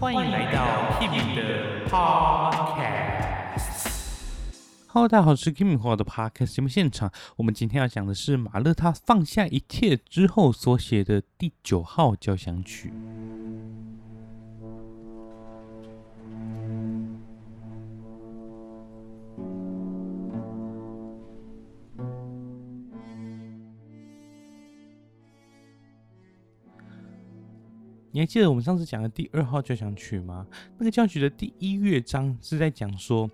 歡迎來到 Kimi 的 Podcast。Hello，大家好，我是 Kimi 的 Podcast 節目現場。我們今天要講的是馬勒他放下一切之後所寫的第九號交響曲。你還記得我們上次講的第二號交響曲嗎？那個交響曲的第一樂章是在講說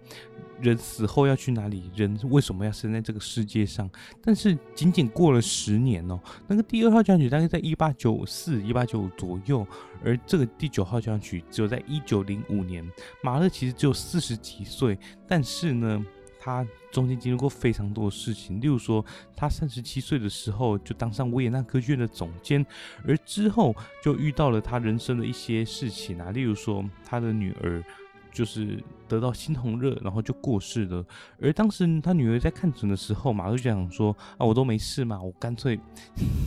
人死後要去哪裡，人為什麼要生在這個世界上？但是僅僅過了十年哦、喔，那個第二號交響曲大概在一八九四，一八九五左右，而這個第九號交響曲只有在一九零五年，馬勒其實只有四十幾歲，但是呢，他。中間經歷過非常多的事情，例如說，他三十七歲的時候就當上維也納歌劇院的總監，而之後就遇到了他人生的一些事情啊，例如說，他的女兒就是得到猩紅熱，然後就過世了。而當時他女兒在看診的時候，馬勒就想說：啊，我都沒事嘛，我乾脆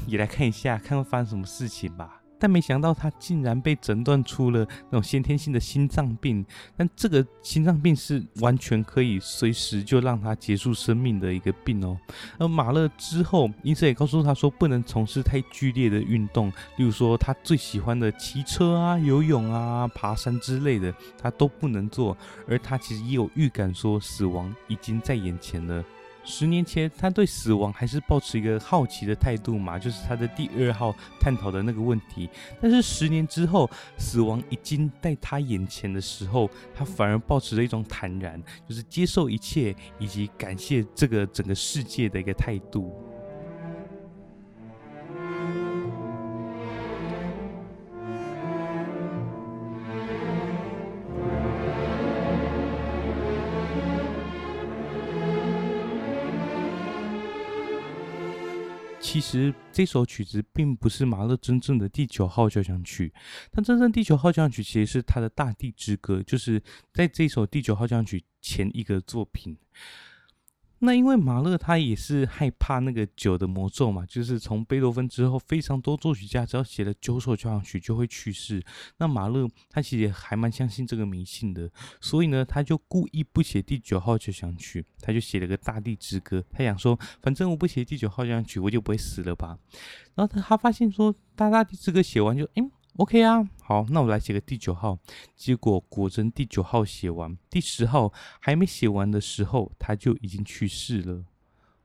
也來看一下，看會發生什麼事情吧。但沒想到他竟然被診斷出了那種先天性的心臟病，但這個心臟病是完全可以隨時就讓他結束生命的一個病哦。而馬勒之後，醫生也告訴他說，不能從事太劇烈的運動，例如說他最喜歡的騎車啊、游泳啊、爬山之類的，他都不能做。而他其實也有預感說，死亡已經在眼前了。十年前，他對死亡還是保持一個好奇的態度嘛，就是他的第二號探討的那個問題。但是十年之後，死亡已經在他眼前的時候，他反而保持着一種坦然，就是接受一切，以及感謝這個整個世界的一個態度。其實這首曲子並不是馬勒真正的第九號交響曲，但真正第九號交響曲其實是他的《大地之歌》，就是在這首第九號交響曲前一個作品。那因為馬勒他也是害怕那個九的魔咒嘛，就是從貝多芬之後，非常多作曲家只要寫了九首交響曲就會去世。那馬勒他其實還蠻相信這個迷信的，所以呢，他就故意不寫第九號交響曲，他就寫了個《大地之歌》，他想說，反正我不寫第九號交響曲，我就不會死了吧。然後他他發現說，《大大地之歌》寫完就、欸 OK 啊，好，那我來寫個第九號。結果果真第九號寫完，第十號還沒寫完的時候，他就已經去世了。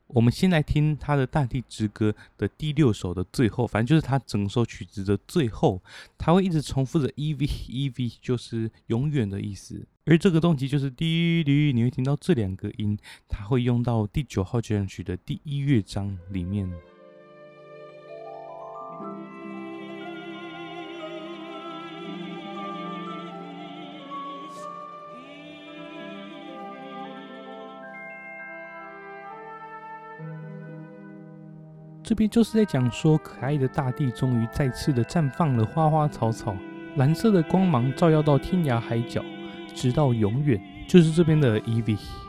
我們先來聽他的《大地之歌》的第六首的最後，反正就是他整首曲子的最後，他會一直重複着 “EV EV”，就是永遠的意思。而這個動機就是“滴滴”，你會聽到這兩個音，他會用到第九號交響曲的第一樂章裡面。這邊就是在講說，可愛的大地終於再次的綻放了花花草草，藍色的光芒照耀到天涯海角，直到永遠。就是這邊的 ewig。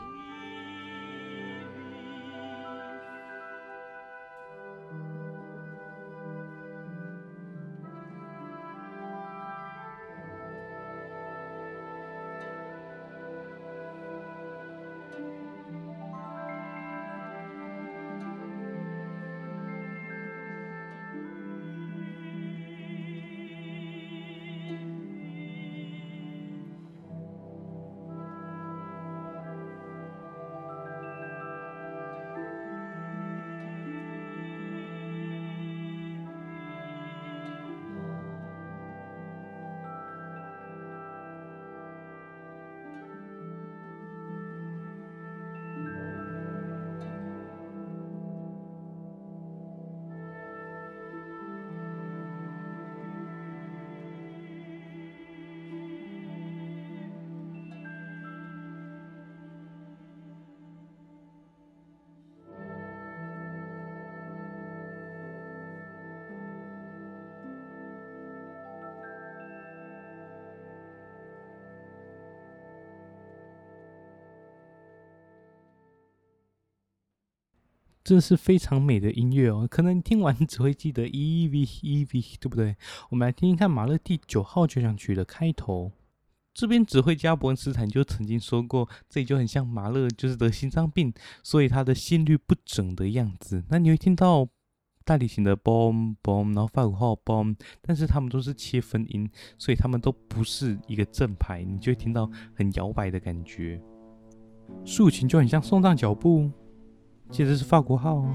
這是非常美的音樂哦，可能你聽完你只會記得 E V E V，對不對？我們來聽聽看馬勒第九號交響曲的開頭。這邊指揮家伯恩斯坦就曾經說過，這裡就很像馬勒就是得心臟病，所以他的心律不整的樣子。那你會聽到大提琴的 bom bom，然後法國號 bom，但是他們都是切分音，所以他們都不是一個正拍，你就會聽到很搖擺的感覺。豎琴就很像送葬腳步。接着是法國號哦，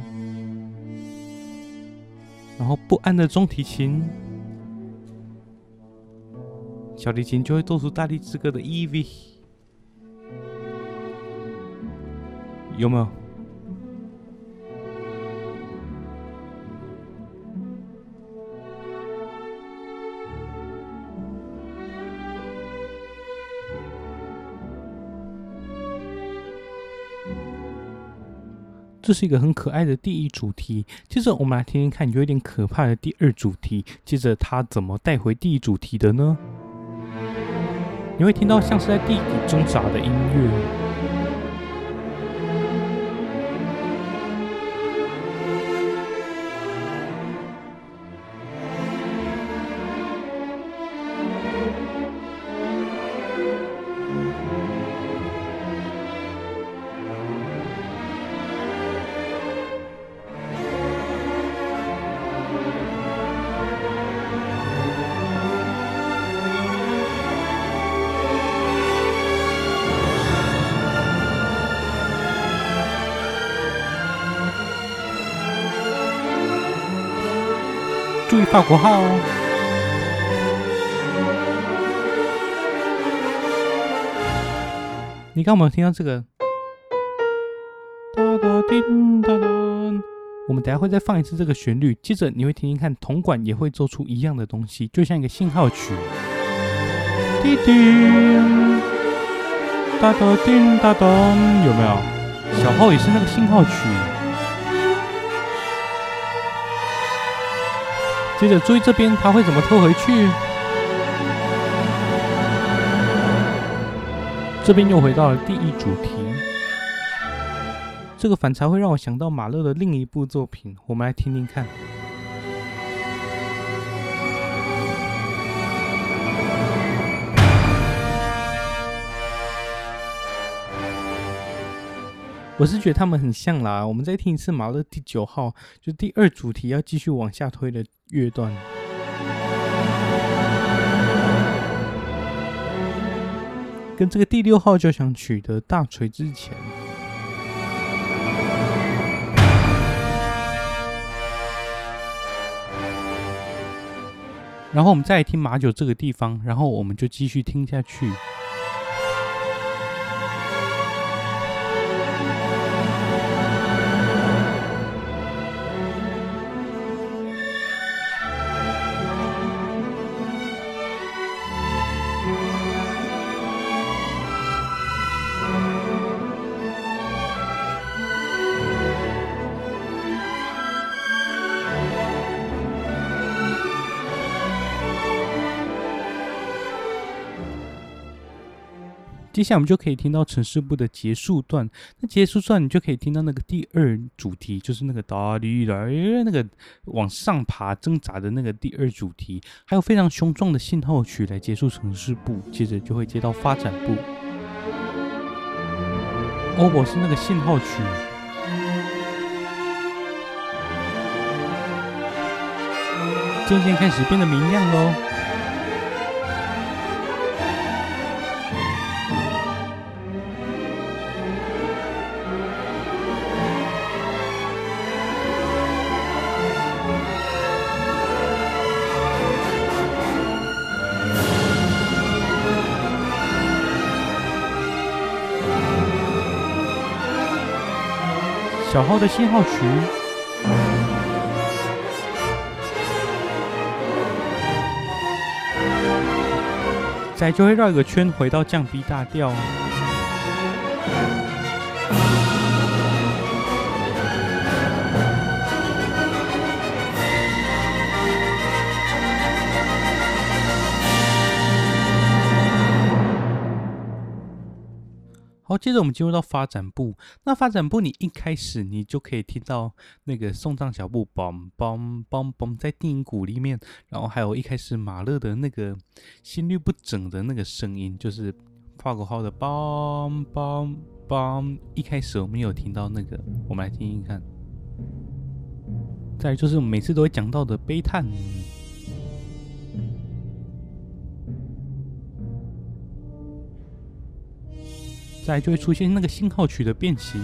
然後不安的中提琴、小提琴就會奏出《大地之歌》的 EV，有沒有？這是一個很可愛的第一主題。接着我們來聽聽看，有點可怕的第二主題。接着它怎麼帶回第一主題的呢？你會聽到像是在地底掙扎的音樂。法國號、哦！你剛剛有沒有聽到這個，叮咚，我們等下會再放一次這個旋律。接着你會聽聽看，銅管也會做出一樣的東西，就像一個信號曲，叮咚，有沒有？小號也是那個信號曲。接着注意這邊，他會怎麼偷回去？這邊又回到了第一主題，這個反差會讓我想到馬勒的另一部作品，我們來聽聽看。我是覺得他們很像啦，我們再聽一次馬勒第九號，就是、第二主題要繼續往下推的樂段，跟這個第六號交響曲的大錘之前，然後我們再來聽馬九這個地方，然後我們就繼續聽下去。接下來我們就可以聽到呈示部的結束段。那結束段，你就可以聽到那個第二主題，就是那個哆啦啦，那個往上爬掙扎的那個第二主題，還有非常雄壯的信號曲來結束呈示部。接着就會接到發展部。哦，我是那個信號曲，漸漸開始變得明亮嘍。小號的信號曲，再就會繞一個圈回到降 B 大調。好，接着我們進入到發展部。那發展部，你一開始你就可以聽到那個送葬小布梆梆梆梆，在定音鼓裡面。然後還有一開始馬勒的那個心律不整的那個聲音，就是法國號的梆梆梆。一開始我們有聽到那個，我們來聽聽看。再來就是我們每次都會講到的悲嘆。再就會出現那個信號曲的變形，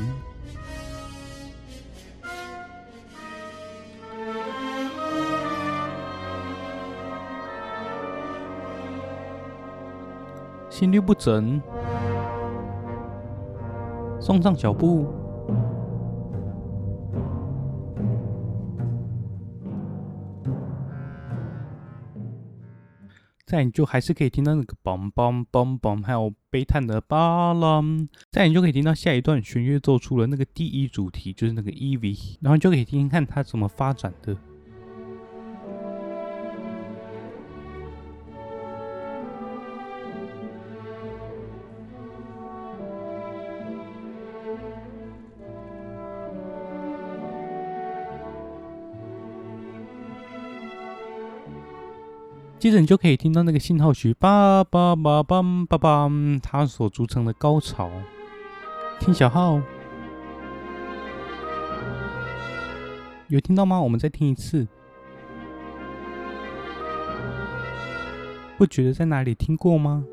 心律不整，鬆散腳步。但你就還是可以聽到那個 bom bom bom bom，還有悲嘆的巴郎。這樣你就可以聽到下一段弦樂奏出了那個第一主題，就是那個 EV 然後你就可以聽聽看它怎麼發展的。接着你就可以聽到那個信號曲，巴巴巴巴巴巴，它所組成的高潮。聽小號，有聽到嗎？我們再聽一次，不覺得在哪裡聽過嗎？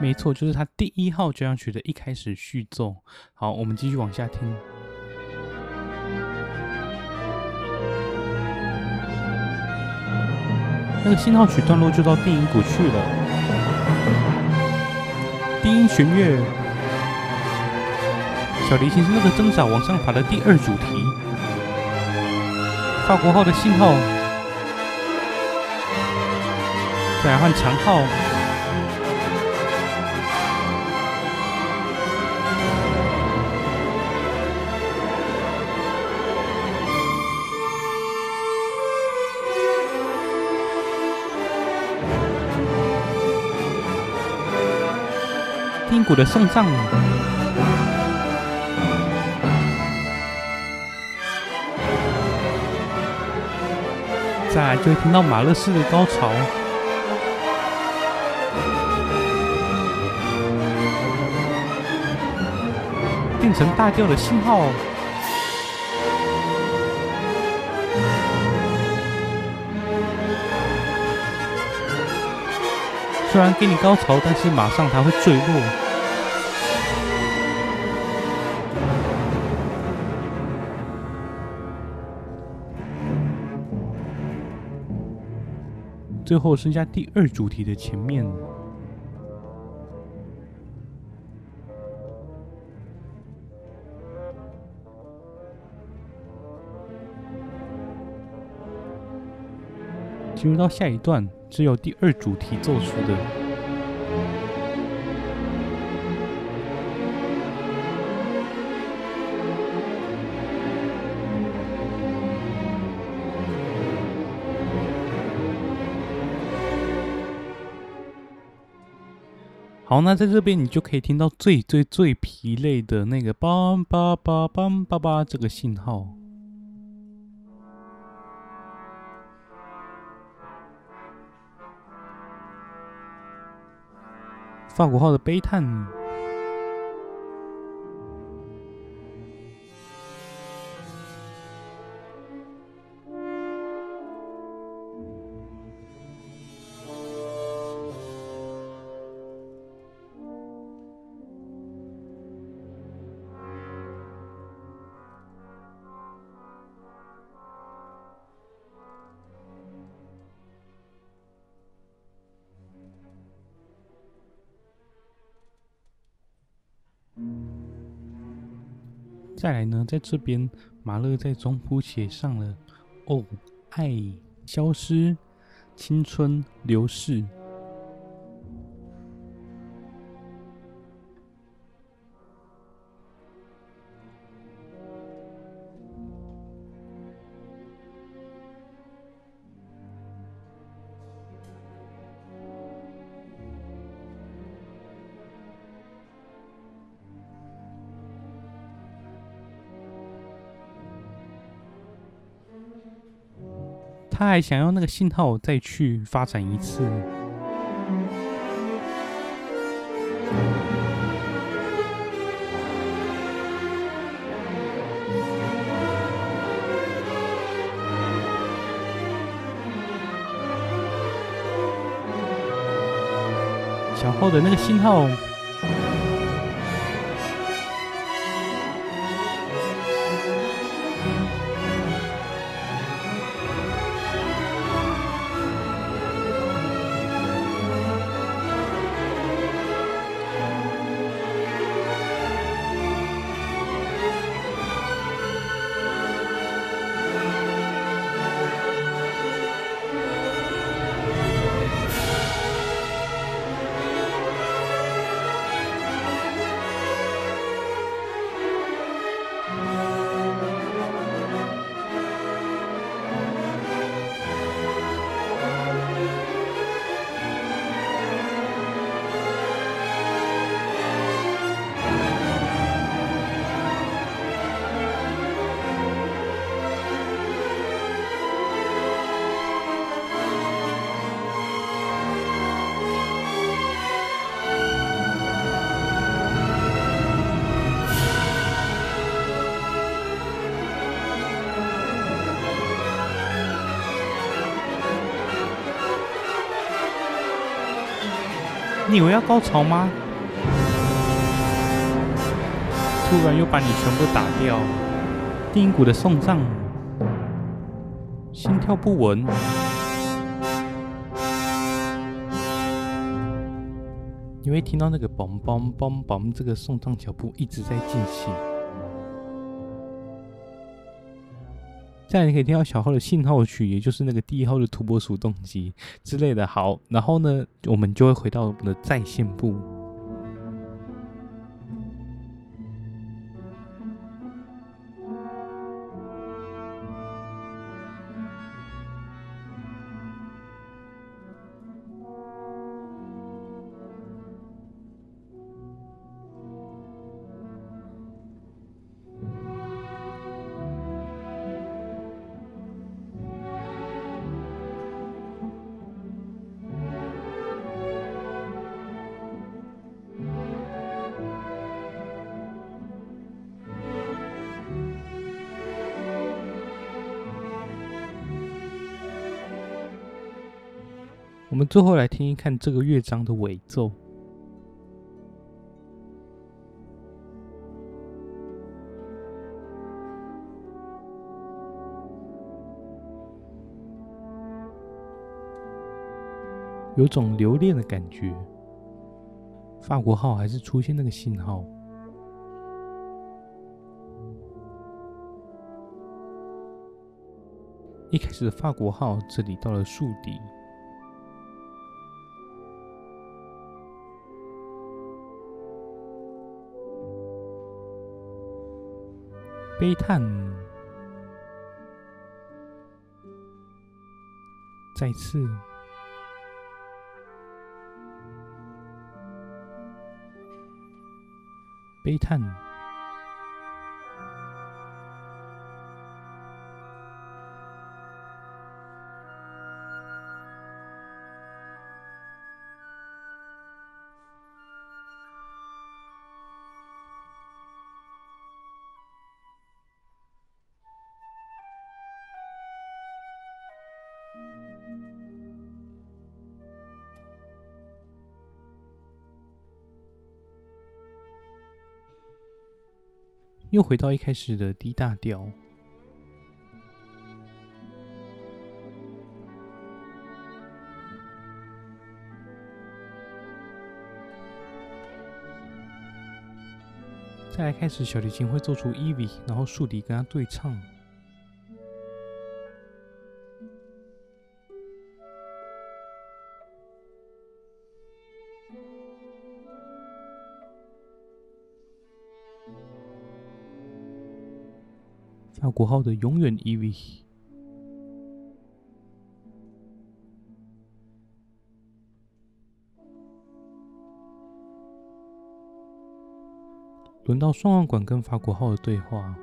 沒錯，就是他第一號交響曲的一開始序奏。好，我們繼續往下聽。那個信號曲段落就到低音鼓去了，低音弦樂、小提琴是那個增長往上爬的第二主題，法國號的信號，再來換長號。古的送葬，再來就會聽到馬勒式的高潮，變成大調的信號。雖然給你高潮，但是馬上他會墜落。最後剩下第二主題的前面，進入到下一段，只有第二主題奏出的。好，那在這邊你就可以聽到最最最疲累的那個「梆梆梆梆梆梆」這個信號。法國號的悲嘆。再來呢，在這邊，馬勒在中譜寫上了“哦，愛消失，青春流逝。”他還想要那個信號再去發展一次，小號的那個信號。你以為要高潮嗎？突然又把你全部打掉，低音鼓的送葬，心跳不穩，你會聽到那個梆梆梆梆，這個送葬腳步一直在進行。這樣你可以聽到小號的信號曲，也就是那個第一號的土撥鼠動機之類的。好，然後呢，我們就會回到我們的再現部。我們最後來聽一看這個樂章的尾奏，有種留戀的感覺。法國號還是出現那個信號。一開始的法國號這裡到了豎笛。悲嘆，再次悲嘆。又回到一開始的 D 大調，再來開始小提琴會奏出 EV，然後豎笛跟它對唱。法、啊、國號的永遠 EV 輪到雙簧管跟法國號的對話。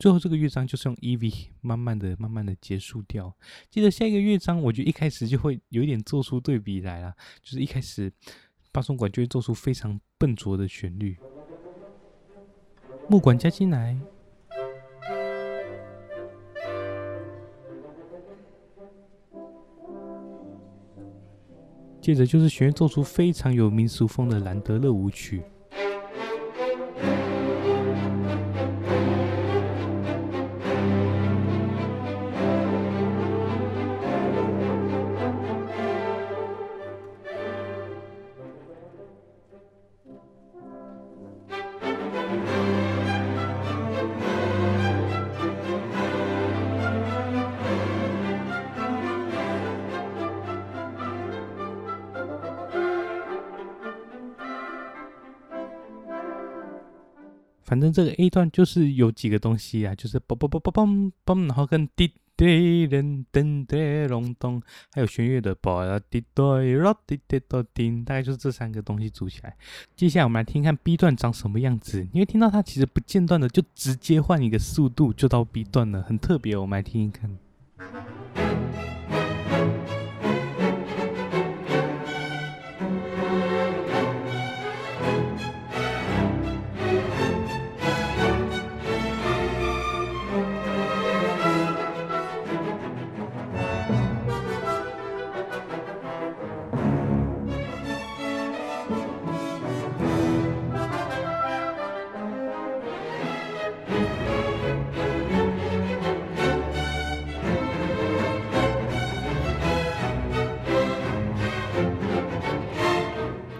最後這個樂章就是用 E V 慢慢的、慢慢的結束掉。接着下一個樂章，我覺得一開始就會有點做出對比來了，就是一開始巴松管就會做出非常笨拙的旋律，木管加進來，接着就是弦樂做出非常有民俗風的蘭德勒舞曲。這個 A 段就是有幾個東西啊，就是嘣嘣梆梆梆梆，然後跟滴滴噔噔的咚，還有弦樂的梆兒滴對咯滴滴叮，大概就是這三個東西組起來。接下來我們來聽一看 B 段長什麼樣子，你會聽到它其實不間斷的就直接換一個速度就到 B 段了，很特別哦，我們來聽聽看。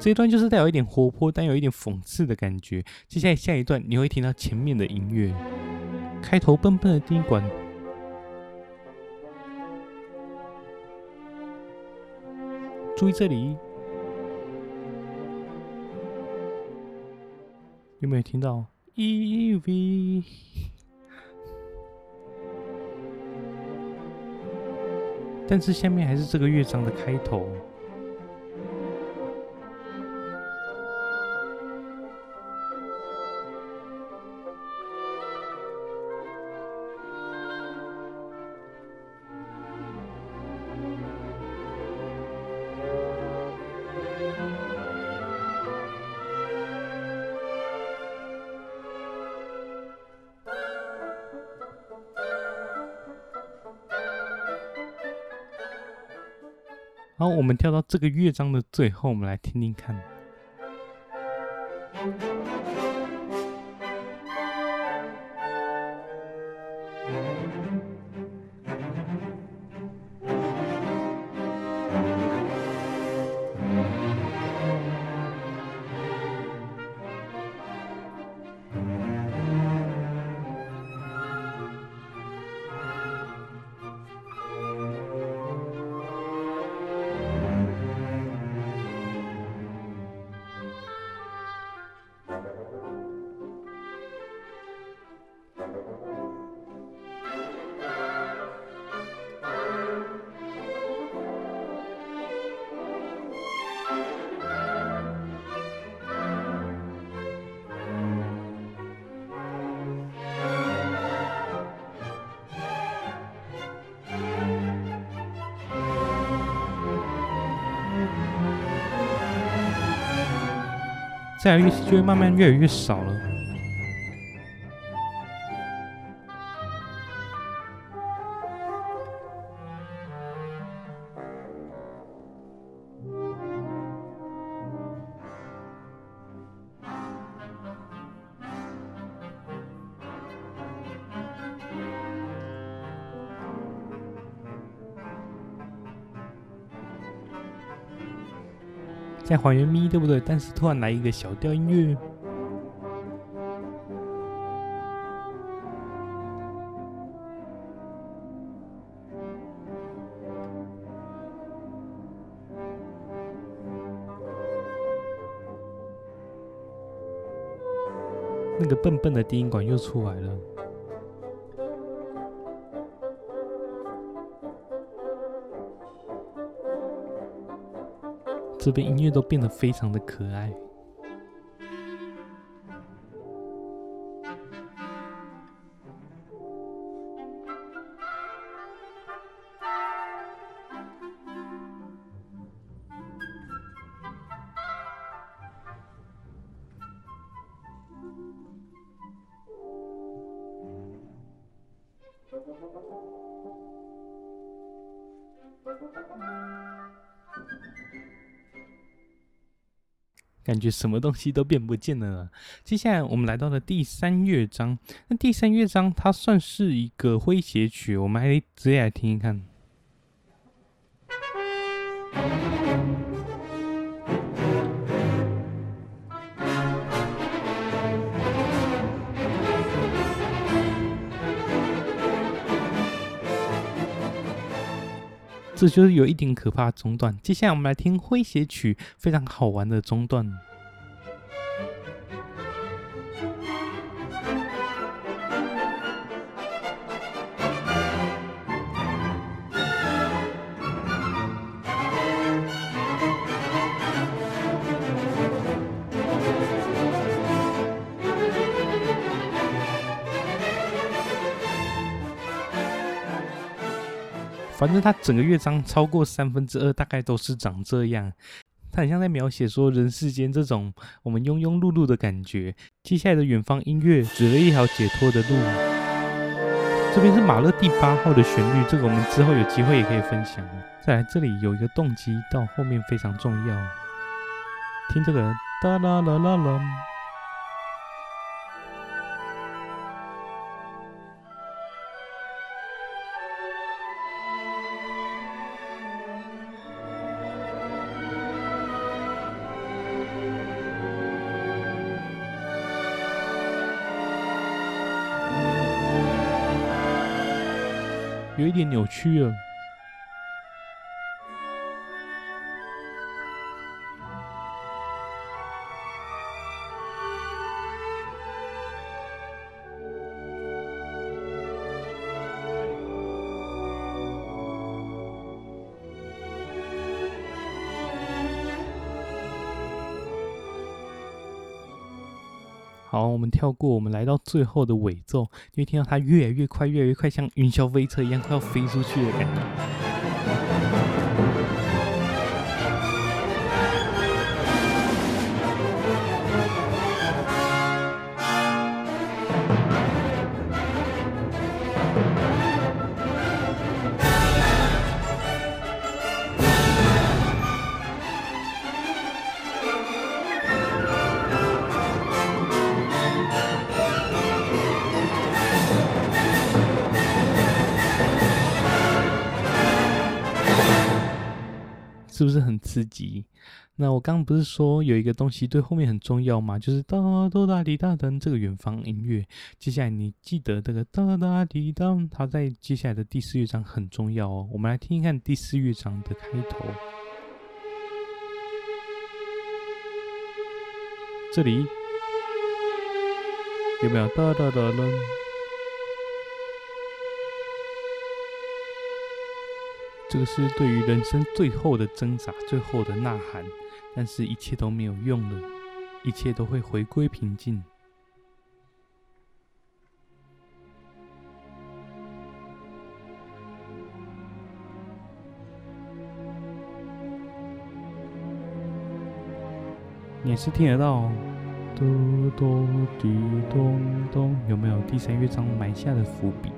這一段就是帶有一點活潑，但有一點諷刺的感覺。接下來下一段，你會聽到前面的音樂，開頭蹦蹦的低管。注意這裡，有沒有聽到 E V？但是下面還是這個樂章的開頭。好，我們跳到這個樂章的最後，我們來聽聽看。再來，就會慢慢越來越少了。在還原咪，對不對？但是突然來一個小調音樂，那個笨笨的低音管又出來了。這邊音樂都變得非常的可愛。感覺什麼東西都變不見了呢，接下來我們來到了第三樂章，那第三樂章它算是一個詼諧曲，我們還得直接來聽一看。這就是有一點可怕，中段。接下來我們來聽詼諧曲，非常好玩的中段。反正他整個樂章超過三分之二，大概都是長這樣。他很像在描寫說人世間這種我們庸庸碌碌的感覺。接下來的遠方音樂，指了一條解脫的路。這邊是馬勒第八號的旋律，這個我們之後有機會也可以分享。再來，這裡有一個動機，到後面非常重要。聽這個，噠啦啦啦啦。有一點扭曲啊。跳過，我們來到最後的尾奏，就會聽到它越來越快，越來越快，像雲霄飛車一樣，快要飛出去的感覺。是不是很刺激？那我剛剛不是說有一個東西對後面很重要嗎？就是噠噠噠滴噠噔這個遠方音樂。接下來你記得這個噠噠滴噠，它在接下來的第四樂章很重要哦。我們來聽聽看第四樂章的開頭，這裡有沒有噠噠噠噔？這個是對於人生最後的掙扎，最後的吶喊，但是一切都沒有用了，一切都會回歸平靜。你也是聽得到哦，嘟嘟嘟咚咚，有沒有第三樂章埋下的伏筆？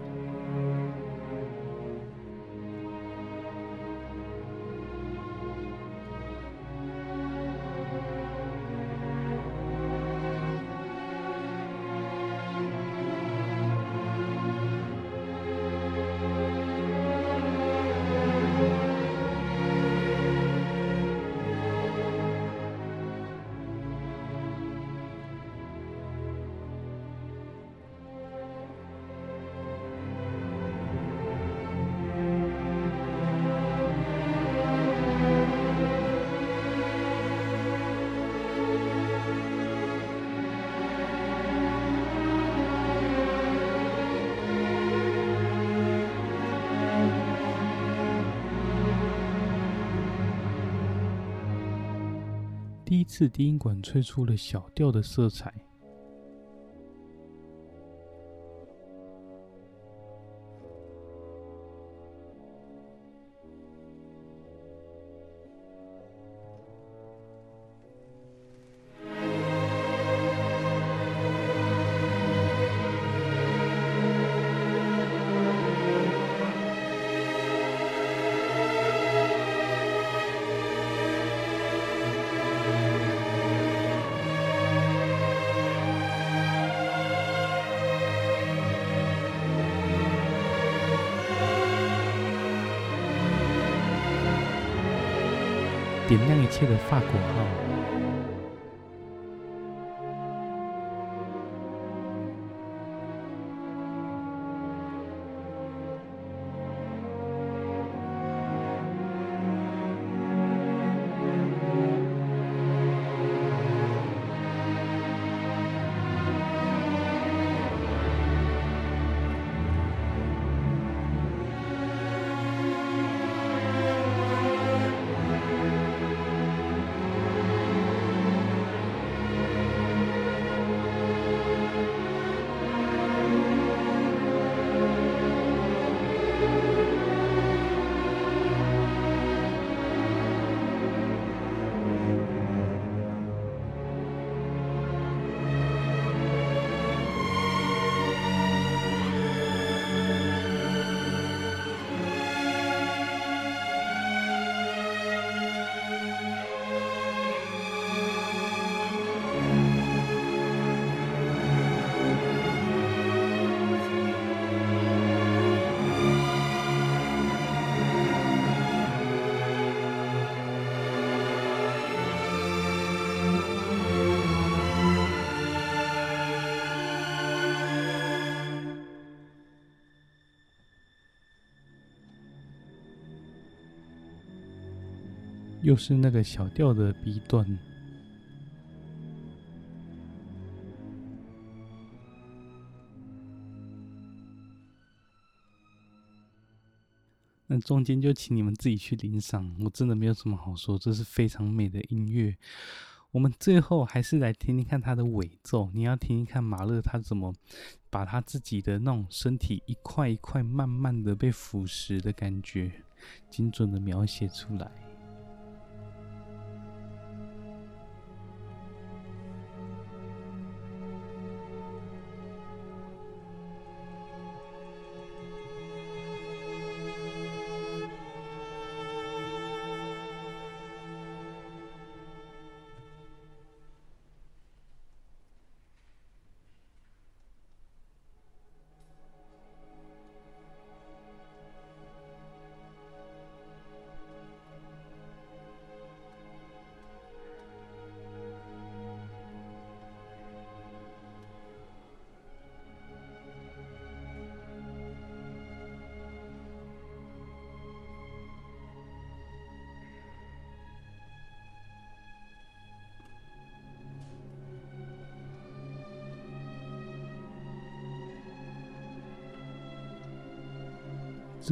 是低音管吹出了小調的色彩。這個法國號就是那個小調的 B 段，那中間就請你們自己去聆賞。我真的沒有什麼好說，這是非常美的音樂。我們最後還是來聽聽看它的尾奏，你要聽聽看馬勒他怎麼把他自己的那種身體一塊一塊慢慢的被腐蝕的感覺，精準的描寫出來。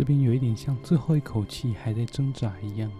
這邊有一點像最後一口氣還在掙扎一樣。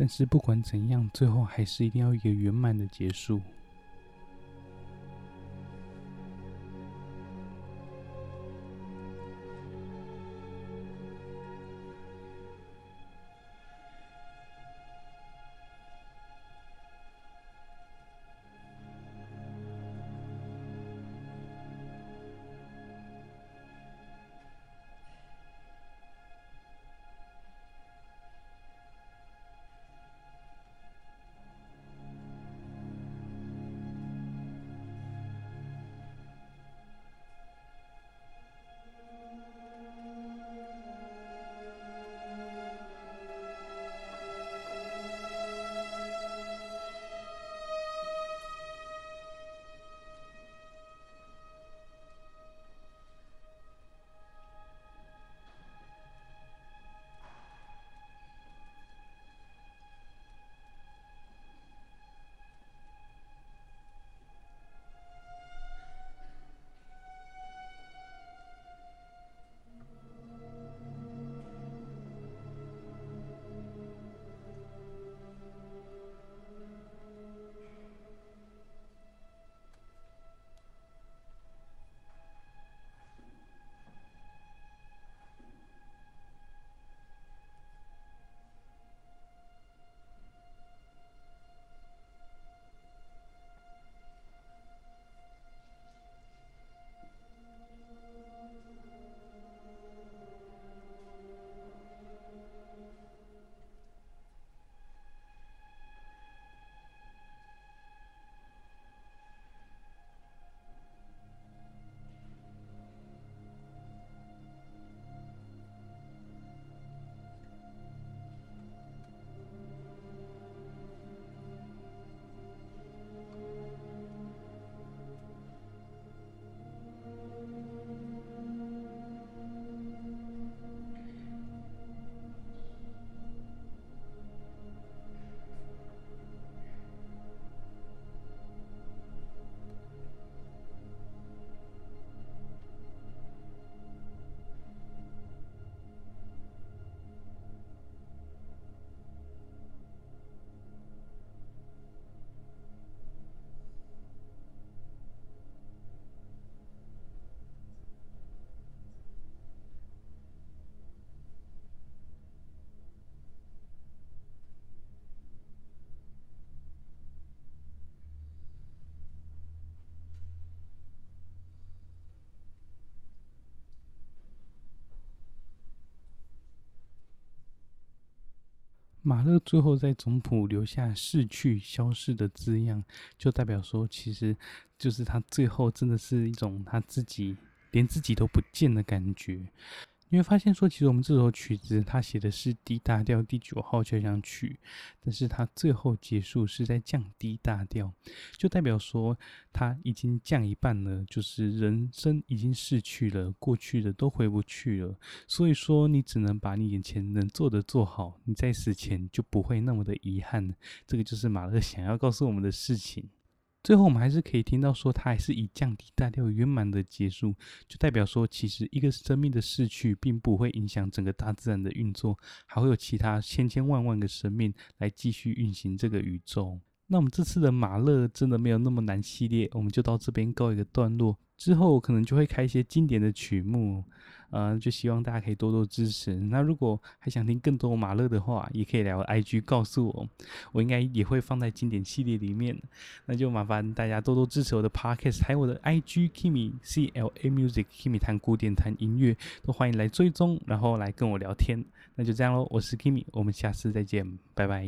但是不管怎樣，最後還是一定要一個圓滿的結束。馬勒最後在總譜留下“逝去、消失”的字樣，就代表說，其實就是他最後真的是一種他自己連自己都不見的感覺。你會發現說，其實我們這首曲子，它寫的是 D 大調第九號交響曲，但是它最後結束是在降 D 大調，就代表說它已經降一半了，就是人生已經逝去了，過去的都回不去了，所以說你只能把你眼前能做的做好，你在死前就不會那麼的遺憾。這個就是馬勒想要告訴我們的事情。最後，我們還是可以聽到說，它還是以降 D 大調圓滿的結束，就代表說，其實一個生命的逝去，並不會影響整個大自然的運作，還會有其他千千萬萬個生命來繼續運行這個宇宙。那我們這次的馬勒真的沒有那麼難系列，我們就到這邊告一個段落。之後我可能就會開一些經典的曲目，呃，就希望大家可以多多支持。那如果還想聽更多馬勒的話，也可以來我 I G 告訴我，我應該也會放在經典系列裡面。那就麻煩大家多多支持我的 Podcast，還有我的 I G Kimi CLA Music Kimi 談古典談音樂都歡迎來追蹤，然後來跟我聊天。那就這樣嘍，我是 Kimi，我們下次再見，拜拜。